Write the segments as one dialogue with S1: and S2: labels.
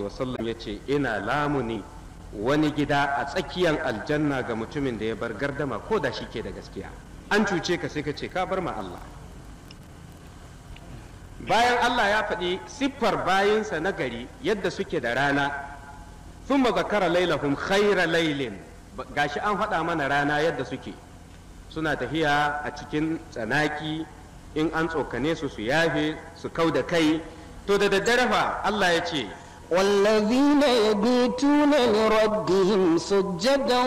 S1: wasallam ya ce ina lamuni wani gida a tsakiyar aljanna ga mutumin da ya bar gardama ko da shi ke da gaskiya an cuce ka sai ka ce ka bar ma Allah bayan Allah ya faɗi siffar bayinsa na gari yadda suke da rana sun zakara lailahum khaira lailin gashi an faɗa mana rana yadda suke suna tafiya a cikin tsanaki in an tsokane su su yafe su kau da kai to da daddare fa Allah ya ce
S2: والذين يبيتون لربهم سجدا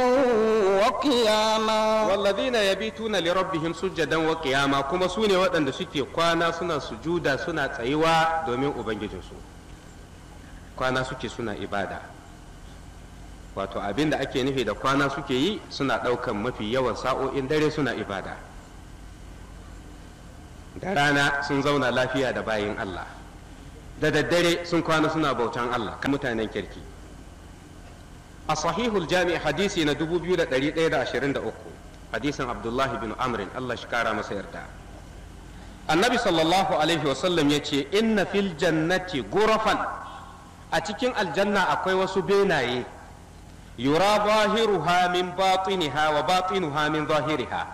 S2: وقياما
S1: والذين يبيتون لربهم سجدا وقياما كما سوني ودن da suke kwana suna sujuda suna tsayuwa domin ubangijinsu kwana suke suna ibada wato abin da ake nufi da kwana suke yi suna ɗaukan mafi yawan sa'o'in dare suna ibada da rana sun zauna lafiya da bayan Allah da daddare sun kwana suna bautan Allah kan mutanen kirki a sahihul jami hadisi na 2123 hadisin abdullahi bin amrin Allah shi kara masa yarda annabi sallallahu alaihi wasallam ya ce inna fil jannati gurafan a cikin aljanna akwai wasu benaye yura zahiruha min batiniha wa batinuha min zahiriha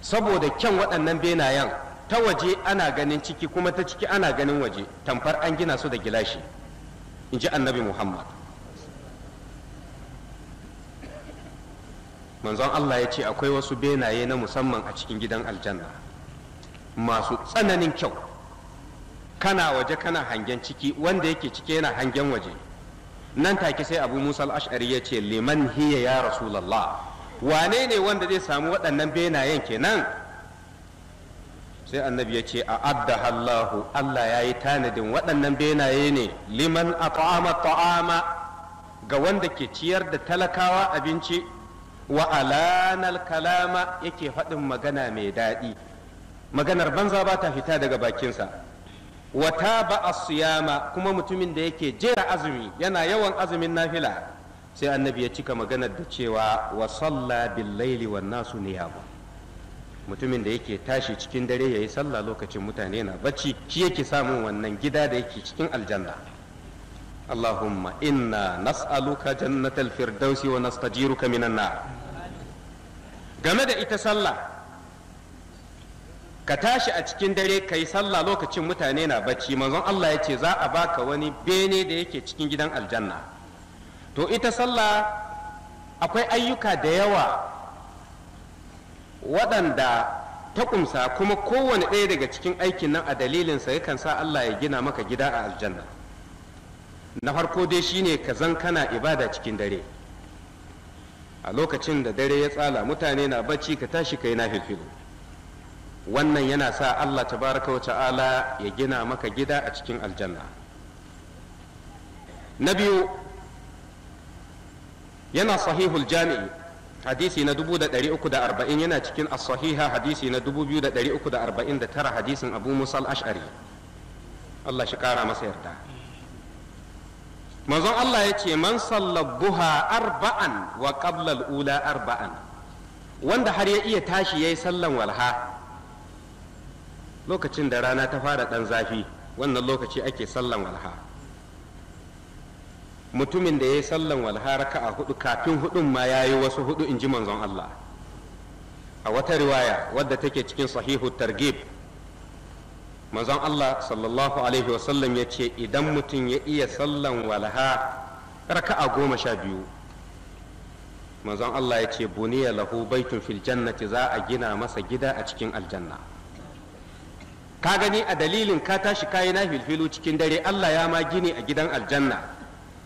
S1: saboda kyan waɗannan benayen ta waje ana ganin ciki kuma ta ciki ana ganin waje tamfar an gina su da gilashi in ji annabi muhammad manzon allah ya ce akwai wasu benaye na musamman a cikin gidan aljanna masu tsananin kyau kana waje kana hangen ciki wanda yake ciki yana hangen waje nan take sai abu musa al ashari ya ce liman hiya ya rasulallah wane ne wanda zai samu waɗannan benayen kenan sai annabi ya ce a adda hallahu Allah ya yi tanadin waɗannan benaye ne liman a ta'ama ga wanda ke ciyar da talakawa abinci wa alanal kalama yake faɗin magana mai daɗi maganar banza ba ta fita daga bakinsa wata ba a suyama kuma mutumin da yake jera azumi yana yawan azumin nafila sai annabi ya cika maganar da cewa wa salla bin laili nasu niyamu mutumin da yake tashi cikin dare ya yi sallah lokacin mutane na bacci shi yake samun wannan gida da yake cikin aljanna allahumma inna nas'aluka jannatal firdausi wa nastajiruka minan nar game da ita sallah ka tashi a cikin dare ka yi sallah lokacin mutane na bacci manzon Allah ya ce za a baka wani bene da yake cikin gidan aljanna to ita sallah akwai ayyuka da yawa waɗanda ta kumsa kuma kowane ɗaya daga cikin aikin nan a dalilinsa yakan sa Allah ya gina maka gida a aljanna na farko dai shine ka zan kana ibada cikin dare a lokacin da dare ya tsala mutane na bacci ka tashi kai na filfilo wannan yana sa Allah tabaraka wa ta'ala ya gina maka gida a cikin aljanna na biyu yana sahihul jami'i hadisi na 340 yana cikin as-sahiha hadisi na 2349 hadisin Abu Musa al-Ash'ari Allah shi kara masa yarda manzon Allah ya ce man sallabuha arba'an wa qabla al-ula arba'an wanda har ya iya tashi yayi sallan walha lokacin da rana ta fara dan zafi wannan lokaci ake sallan walha mutumin da ya yi sallan walha raka'a hudu kafin hudun ma ya yi wasu hudu in ji manzon Allah a wata riwaya wadda take cikin sahihu targib manzon Allah sallallahu alaihi wasallam ya ce idan mutum ya iya sallan walha raka'a goma sha biyu manzon Allah ya ce buniya lahu baitun fil jannati za a gina masa gida a cikin aljanna ka gani a dalilin ka tashi kayi na filfilu cikin dare Allah ya ma gini a gidan aljanna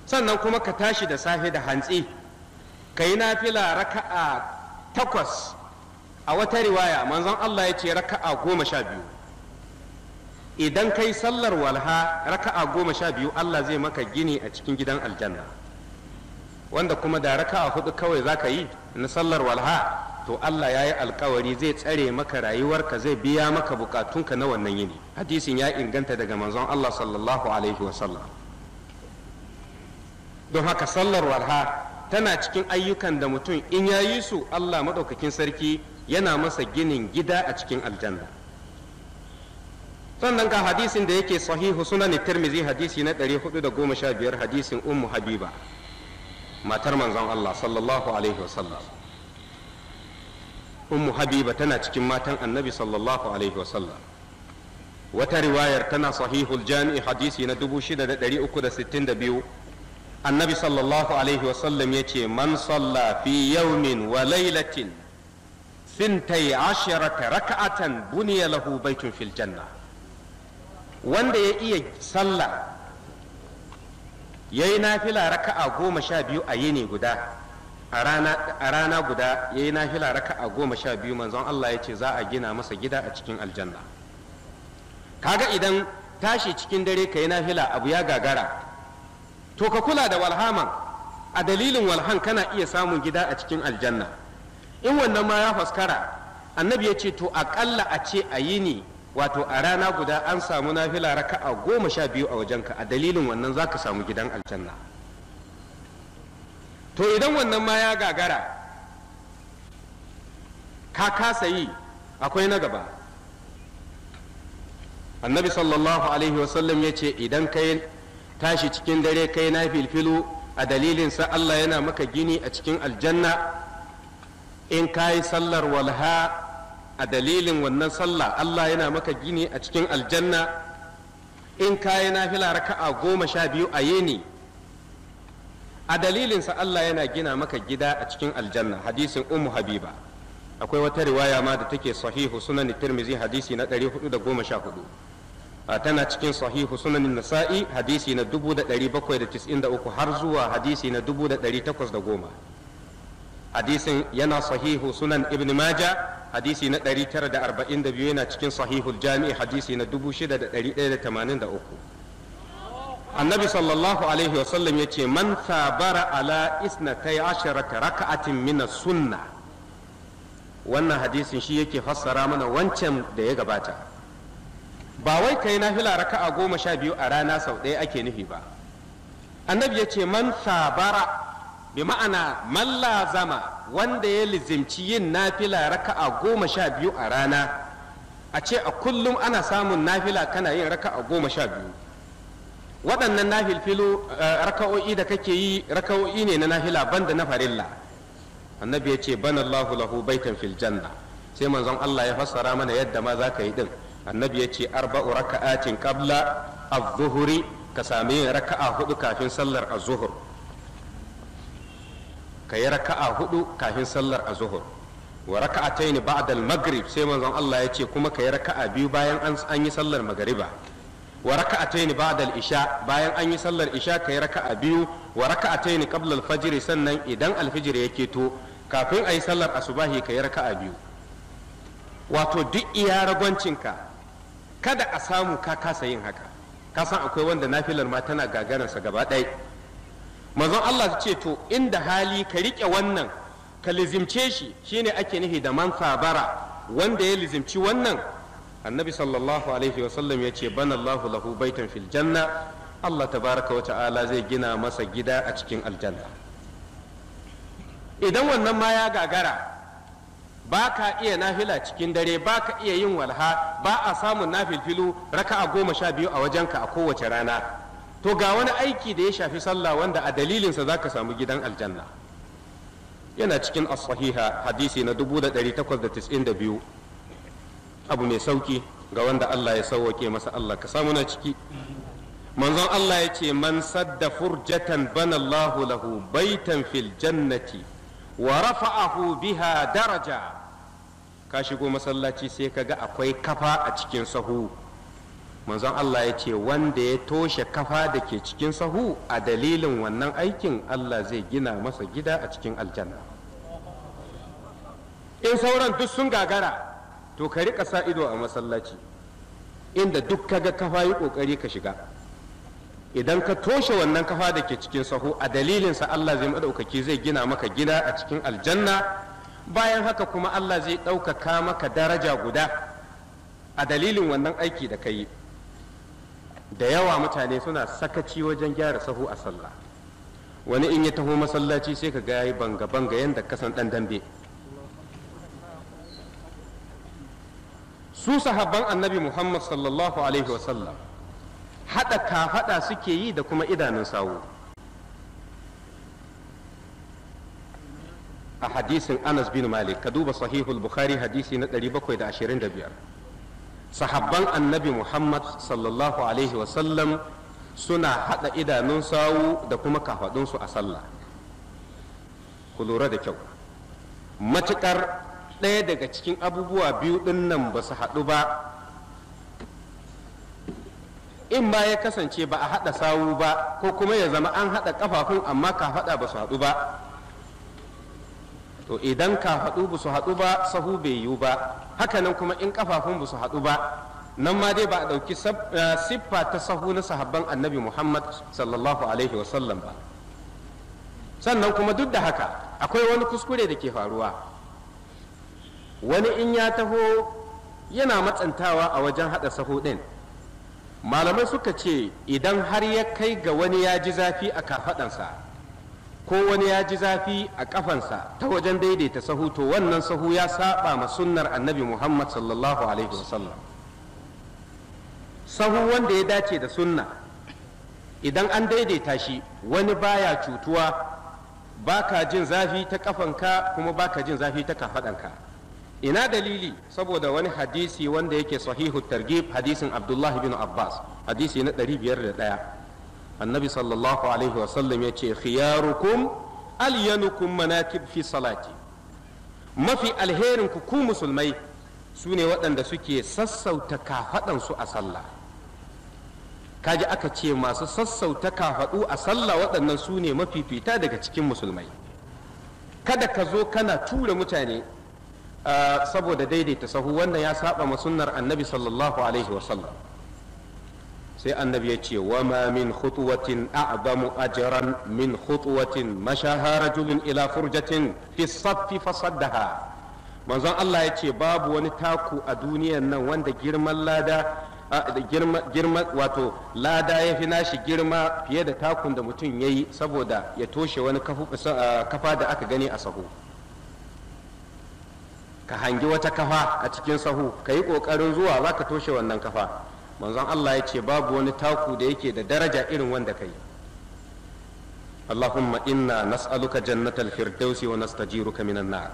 S1: sannan kuma ka tashi da safe da hantsi ka yi nafila raka'a takwas a wata riwaya manzon Allah ya ce raka'a goma sha biyu idan kai sallar walha raka'a goma sha biyu Allah zai maka gini a cikin gidan aljanna wanda kuma da raka'a hudu kawai za ka yi na sallar walha to Allah ya yi alkawari zai tsare maka rayuwarka zai biya maka bukatunka na wannan yini hadisin ya inganta daga manzon Allah sallallahu alaihi wasallam don haka sallar warha tana cikin ayyukan da mutum in ya yi su Allah maɗaukakin sarki yana masa ginin gida a cikin aljanna sannan ga hadisin da yake sahihu sunan tirmizi hadisi na 415 hadisin ummu habiba matar manzon Allah sallallahu alaihi wasallam ummu habiba tana cikin matan annabi sallallahu alaihi wasallam wata riwayar tana sahihul jami'i hadisi na 6362 annabi sallallahu alaihi wasallam ya ce man salla fi yaumin wa lailatin sintai asharata raka'atan buniya lahu baitun fil janna wanda ya iya sallah ya yi nafila raka'a goma sha biyu a yini guda a rana guda ya yi nafila raka'a goma sha biyu manzon Allah ya ce za a gina masa gida a cikin aljanna kaga idan tashi cikin dare ka yi nafila abu ya gagara to ka kula da walhaman a dalilin walhan kana iya samun gida a cikin aljanna in wannan ma ya faskara annabi ya ce to aƙalla a ce a yi ni wato a rana guda an samu nafila raka'a goma sha biyu a wajenka a dalilin wannan za ka samu gidan aljanna to idan wannan ma ya gagara ka kasa yi akwai na gaba annabi sallallahu alaihi wasallam ya ce idan ka yi tashi cikin dare kai na filfilu a dalilin sa Allah yana maka gini a cikin aljanna in kayi sallar walha a dalilin wannan sallah Allah yana maka gini a cikin aljanna in kayi nafila raka'a goma sha biyu a yini a dalilinsa Allah yana gina maka gida a cikin aljanna hadisin ummu habiba akwai wata riwaya ma da take sahihu sunan tirmizi hadisi na 414 tana cikin sahihu sunanin nasa'i hadisi na 793 har zuwa hadisi na 1810 hadisin yana sahihu sunan ibn maja hadisi na 942 yana cikin sahihul jami'i hadisi na 6183 annabi sallallahu alaihi wasallam ya ce man sabara ala isnatai asharata raka'atin mina sunna wannan hadisin shi yake fassara mana wancan da ya gabata ba wai ka yi nafila raka'a goma sha biyu a rana sau ɗaya ake nufi ba annabi ya ce man sabara bi ma'ana man lazama wanda ya lizimci yin nafila raka'a goma sha biyu a rana a ce a kullum ana samun nafila kana yin raka'a goma sha biyu waɗannan nafilfilo eh, raka'o'i da kake yi raka'o'i ne na nafila banda na farilla annabi ya ce banallahu lahu baitan fil janna sai manzon Allah ya fassara mana yadda ma za ka yi din annabi ya ce arba'u raka'atin qabla az-zuhri ka sami raka'a hudu kafin sallar az-zuhr ka yi raka'a hudu kafin sallar az-zuhr wa raka'atayn ba'da al-maghrib sai manzon Allah ya ce kuma ka yi raka'a biyu bayan an yi sallar magariba wa raka'atayn ba'da al-isha bayan an yi sallar isha ka yi raka'a biyu wa raka'atayn qabla al-fajr sannan idan al-fajr yake to kafin ayi sallar asubahi ka yi raka'a biyu wato duk iya ragwancinka kada a samu ka kasa yin haka ka san akwai wanda nafilar ma tana gagararsa gaba ɗaya manzon Allah ce to inda hali ka riƙe wannan ka lizimce shi shine ake nufi da man sabara wanda ya lizimci wannan annabi sallallahu alaihi wasallam ya ce bana Allahu lahu baitan fil janna Allah tabaraka wa ta'ala zai gina masa gida a cikin aljanna idan wannan ma ya gagara ba ka iya nafila cikin dare ba ka iya yin walha ba a samun nafilfilu raka'a goma sha biyu a wajenka a kowace rana to ga wani aiki da ya shafi sallah wanda a dalilinsa za ka samu gidan aljanna yana cikin as-sahiha hadisi na 1892 abu mai sauki ga wanda Allah ya sauwake masa Allah ka samu na ciki manzon Allah ya ce man sadda furjatan banallahu lahu baitan fil jannati wa rafa'ahu biha daraja ka shigo masallaci sai ka ga akwai kafa a cikin sahu manzon Allah ya ce wanda ya toshe kafa da ke cikin sahu a dalilin wannan aikin Allah zai gina masa gida a cikin aljanna in sauran duk sun gagara to ka riƙa sa ido a masallaci inda duk kaga kafa yi ƙoƙari ka shiga idan ka toshe wannan kafa da ke cikin sahu a dalilinsa Allah zai maɗaukaki zai gina maka gida a cikin aljanna bayan haka kuma Allah zai ɗaukaka maka daraja guda a dalilin wannan aiki da ka yi da yawa mutane suna sakaci wajen gyara sahu a sallah wani in ya taho masallaci sai ka ga yayi banga banga yanda kasan dan dambe su sahabban annabi Muhammad sallallahu alaihi wasallam haɗa kafaɗa suke yi da kuma idanun sawu a hadisin anas bin malik ka duba sahihul bukhari hadisi na 725 sahabban annabi muhammad sallallahu alaihi wasallam suna haɗa idanun sawu da kuma kafaɗunsu a sallah ku lura da kyau matuƙar ɗaya daga cikin abubuwa biyu ɗin nan ba su haɗu ba in ba ya kasance ba a haɗa sawu ba ko kuma ya zama an haɗa kafafun amma ka faɗa ba su haɗu ba to idan ka faɗu ba su haɗu ba sahu bai yiwu ba hakanan kuma in kafafun ba su haɗu ba nan ma dai ba a ɗauki eh, siffa ta sahu na sahabban annabi muhammad sallallahu alaihi wasallam ba sannan kuma duk da haka akwai wani kuskure da ke faruwa wani in ya taho yana matsantawa a wajen haɗa sahu ɗin malamai suka ce idan har ya kai ga wani ya ji zafi a kafaɗansa ko wani ya ji zafi a ƙafansa ta wajen daidaita sahu to wannan sahu ya saba ma sunnar annabi muhammad sallallahu alaihi wasallam sahu wanda ya dace da sunna idan an daidaita shi wani baya cutuwa baka jin zafi ta kafanka kuma baka jin zafi ta kafaɗanka ina dalili saboda wani hadisi wanda yake sahihu targhib hadisin abdullah bin abbas hadisi na 501 annabi sallallahu alaihi wasallam ya ce khiyarukum alyanukum manakib fi salati mafi alherin ku musulmai su ne waɗanda suke sassauta kafaɗansu a sallah kaji aka ce masu sassauta kafaɗu a sallah waɗannan su ne mafifita daga cikin musulmai kada ka zo kana tura mutane saboda daidaita sahu wannan ya saba ma sunnar annabi sallallahu alaihi sallam sai annabi ya ce wa ma min khutuwatin a'zamu ajran min khutuwatin mashaha rajulin ila furjatin fi saffi fasaddaha manzon Allah ya ce babu wani taku a duniya nan wanda girman lada girma wato lada ya fi nashi girma fiye da takun da mutum ya yi saboda ya toshe wani kafa da aka gani a sahu ka hangi wata kafa a cikin sahu ka yi ƙoƙarin zuwa za ka toshe wannan kafa manzon Allah ya ce babu wani taku da yake da daraja irin wanda ka yi اللهم إنا نسألك جنة الفردوس ونستجيرك من النار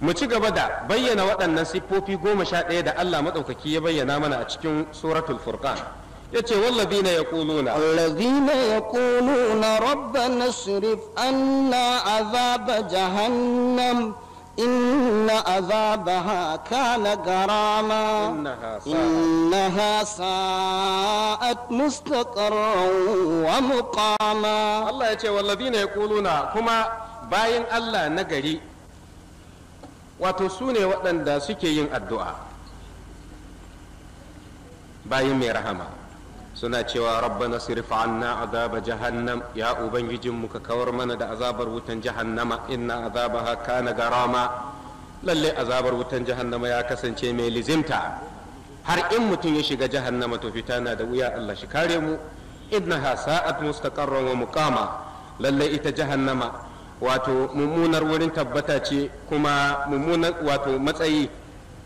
S1: mu ci gaba da bayyana waɗannan siffofi goma sha ɗaya da Allah maɗaukaki ya bayyana mana a cikin suratul furqan yace ya yaquluna wallazina
S2: yaquluna rabbana sirif anna azaba jahannan. إن عذابها كان غراما إنها,
S1: ساءت مستقرا ومقاما الله يتي والذين يقولون كما باين الله نغري وتسوني وأن دا سكي ين الدعاء باين مي رحمه suna cewa rabbana sirif anna azaba jahannam ya ubangijin muka ka kawar mana da azabar wutan jahannama inna azabaha kana garama lalle azabar wutan jahannama ya kasance mai lizimta har in mutum ya shiga jahannama to fita na da wuya Allah shi kare mu innaha sa'at mustaqarran wa muqama lalle ita jahannama wato mummunar wurin tabbata ce kuma mummunar wato matsayi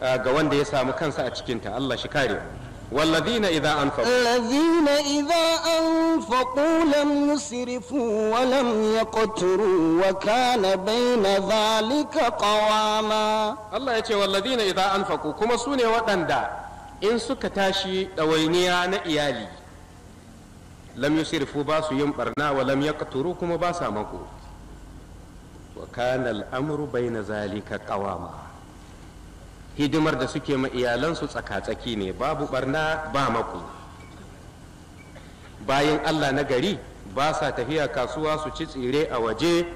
S1: ah, ga wanda ya samu kansa a cikinta Allah shi kare mu والذين إذا أنفقوا
S2: الذين إذا أنفقوا لم يسرفوا ولم يقتروا وكان بين ذلك
S1: قواما الله يتي والذين إذا أنفقوا كما سوني وطندا إن سكتاشي دوينيا نئيالي لم يسرفوا باسو يمبرنا ولم يقتروا كما باسا مكو وكان الأمر بين ذلك قواما hidimar da suke ma iyalansu tsaka-tsaki ne babu barna ba maku bayan allah na gari ba sa tafiya kasuwa su ci tsire a waje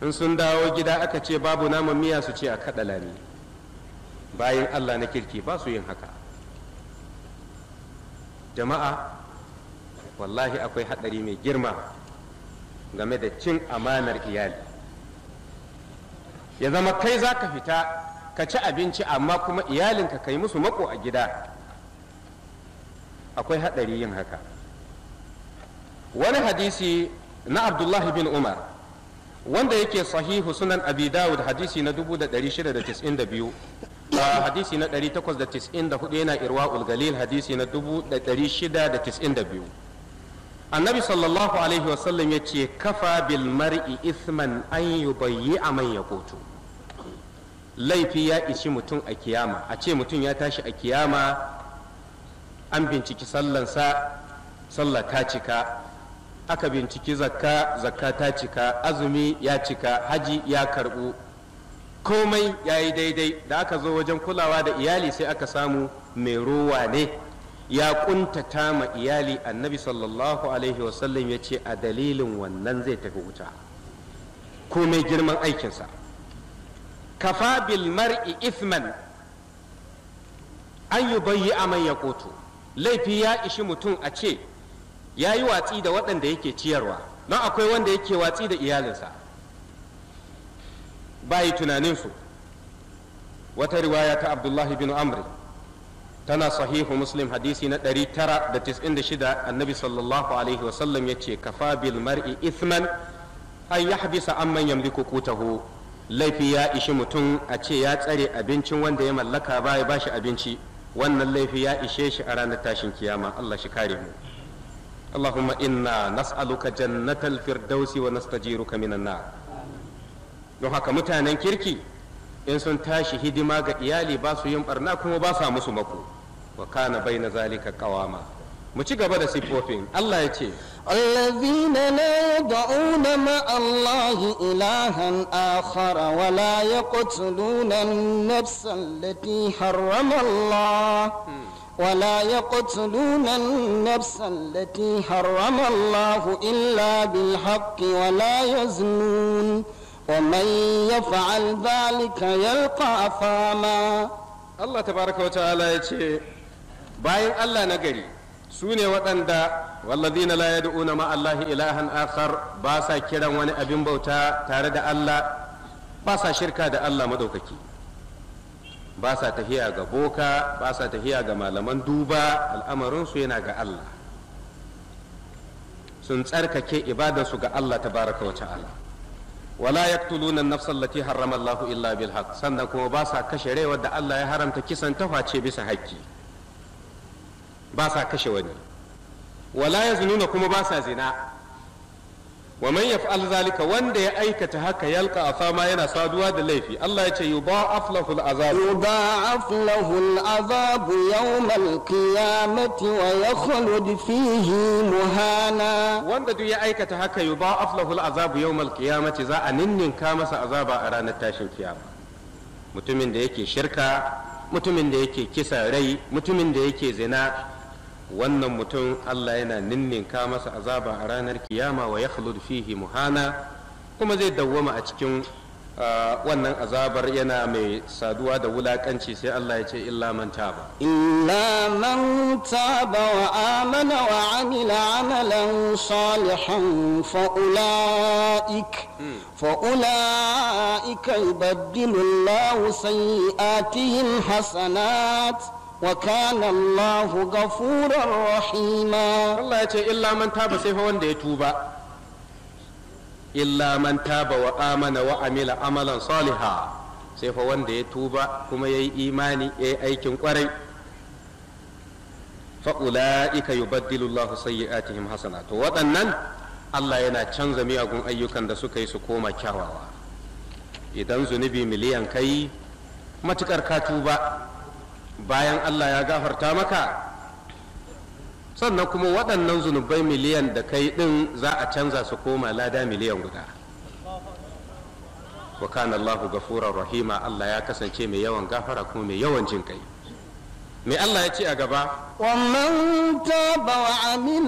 S1: in sun dawo gida aka ce babu naman miya su ce a kaɗa lami. bayan allah na kirki ba su yin haka jama'a wallahi akwai haɗari mai girma game da cin amanar iyali ya zama kai za ka fita ka ci abinci amma kuma iyalinka ka yi musu mako a gida akwai haɗari yin haka wani hadisi na abdullahi bin umar wanda yake sahihu sunan abi dawud hadisi na 692 hadisi na 894 yana irwa ulgalil hadisi na 692 annabi sallallahu alaihi wasallam ya ce kafa bil mar'i isman an yubayyi a man ya kotu laifi ya ishi mutum a kiyama a ce mutum ya tashi a kiyama an binciki sallansa sallah ta cika aka binciki zakka zakka ta cika azumi ya cika haji ya karbu komai ya yi daidai da aka zo wajen kulawa da iyali sai aka samu mai ruwa ne ya kuntata ma iyali annabi sallallahu alaihi wasallam ya ce a dalilin wannan zai tafi wuta komai girman aikinsa Kafabil bil mar'i ithman an yi bayyi aman ya koto laifi ya ishi mutum a ce ya yi watsi da waɗanda yake ciyarwa don akwai wanda yake watsi da iyalinsa bayi tunaninsu wata riwaya ta abdullahi bin amri tana sahihu muslim hadisi na 996 annabi sallallahu alaihi wasallam ya ce kafa bil mar'i ithman an yahbisa amman yamliku taho. laifi ya ishi mutum a ce ya tsare abincin wanda ya mallaka ba ya bashi abinci wannan laifi ya ishe shi a ranar tashin kiyama Allah shi kare mu اللهم nasaluka نسألك جنة الفردوس ونستجيرك من النار don haka mutanen kirki in sun tashi hidima ga iyali ba su yin barna kuma ba su musu mako wa kana bai na zalika kawama mu ci gaba da siffofin Allah ya ce
S2: allazina la yad'una ma Allah ilahan akhar wa la yaqtuluna Allah ولا يقتلون النفس التي حرم الله إلا بالحق ولا يزنون ومن
S1: يفعل ذلك يلقى أثاما الله تبارك وتعالى يقول باين الله نقري su ne waɗanda wallazina la yad'una ma Allahi ilahan akhar ba sa kiran wani abin bauta tare da Allah ba sa shirka da Allah madaukaki ba sa tafiya ga boka ba sa tafiya ga malaman duba al'amarin su yana ga Allah sun tsarkake ibadarsu ga Allah tabaraka wa ta'ala wala yaqtuluna an-nafsa allati harrama Allahu illa bil haqq sannan kuma ba sa kashe rai da Allah ya haramta kisan taface bisa haƙƙi ba sa kashe wani wala ya zununa kuma ba sa zina wa man yaf'al zalika wanda ya aikata haka yalka a yana saduwa da laifi Allah ya ce yudha'af lahu al'azab yudha'af lahu al'azab
S2: yawm al-qiyamati wa yakhlud fihi muhana
S1: wanda duk ya aikata haka yudha'af lahu al'azab yawm al-qiyamati za a ninninka masa azaba a ranar tashin kiyama mutumin da yake shirka mutumin da yake kisa rai mutumin da yake zina wannan mutum Allah yana ninninka masa azaba a ranar kiyama wa ya fihi muhana kuma zai dawwama a cikin wannan azabar yana mai saduwa da wulakanci sai Allah ya ce illa man taba
S2: illa man taba wa amana wa amila amalan salihan fa ulaik fa ulaika yubaddilu Allahu sayyi'atihim hasanat wa
S1: kana Allahu ghafurar rahima Allah ce illa man taba sai fa wanda ya tuba illa man taba wa amana amalan saliha sai fa wanda ya tuba kuma yayi imani yayi aikin kwarai fa ulaika yubaddilu Allahu sayyi'atihim hasana to waɗannan Allah yana canza miyagun ayyukan da suka yi su koma kyawawa idan zunubi miliyan kai matukar ka tuba bayan Allah ya gafarta maka sannan kuma waɗannan zunubai miliyan da kai ɗin za a canza su koma lada miliyan guda wa kana Allahu gafurar rahima Allah ya kasance mai yawan gafara kuma mai yawan jin kai me Allah ya ce a gaba
S2: Wa innahu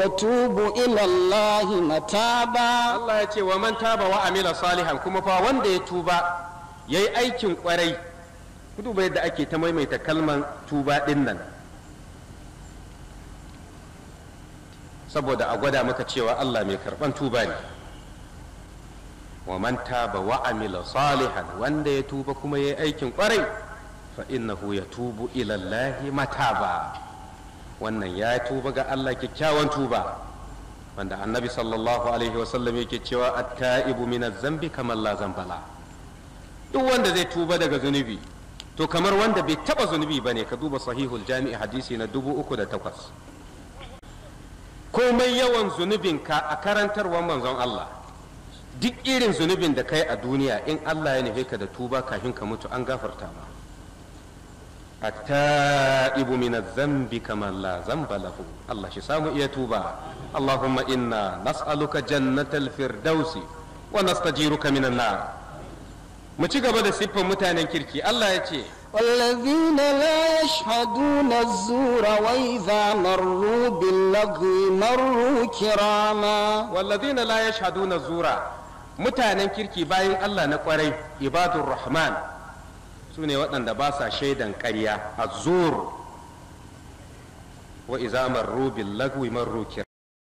S1: ya tubu صالحا mataba Allah ya ce wa man taba wa amina salihan kuma fa wanda ya tuba. ya aikin kwarai ku duba yadda ake ta maimaita kalman tuba ɗin saboda a gwada maka cewa Allah mai karɓan tuba ne wa man taba wa amila salihan wanda ya tuba kuma ya aikin kwarai fa innahu ya tubu ilallahi mata ba. wannan ya tuba ga Allah kyakkyawan tuba wanda annabi sallallahu alaihi wasallam yake cewa at-ta'ibu min zambi kamar la duk wanda zai tuba daga zunubi to kamar wanda bai taba zunubi bane ka duba sahihul jami'i hadisi na dubu uku da takwas komai yawan ka a karantarwar manzon Allah duk irin zunubin da kai a duniya in Allah ya nufe ka da tuba kafin ka mutu an gafarta ma التائب من iya tuba, لا ذنب له الله شسام يتوبا اللهم إنا نسألك جنة الفردوس ونستجيرك من النار mu ci gaba da siffan mutanen kirki Allah ya ce
S2: والذين لا يشهدون الزور وإذا مروا
S1: باللغو مروا كراما والذين لا يشهدون الزور mutanen kirki bayan Allah na kwarai ibadur rahman su ne waɗanda ba sa shaidan karya azzur wa iza lagwi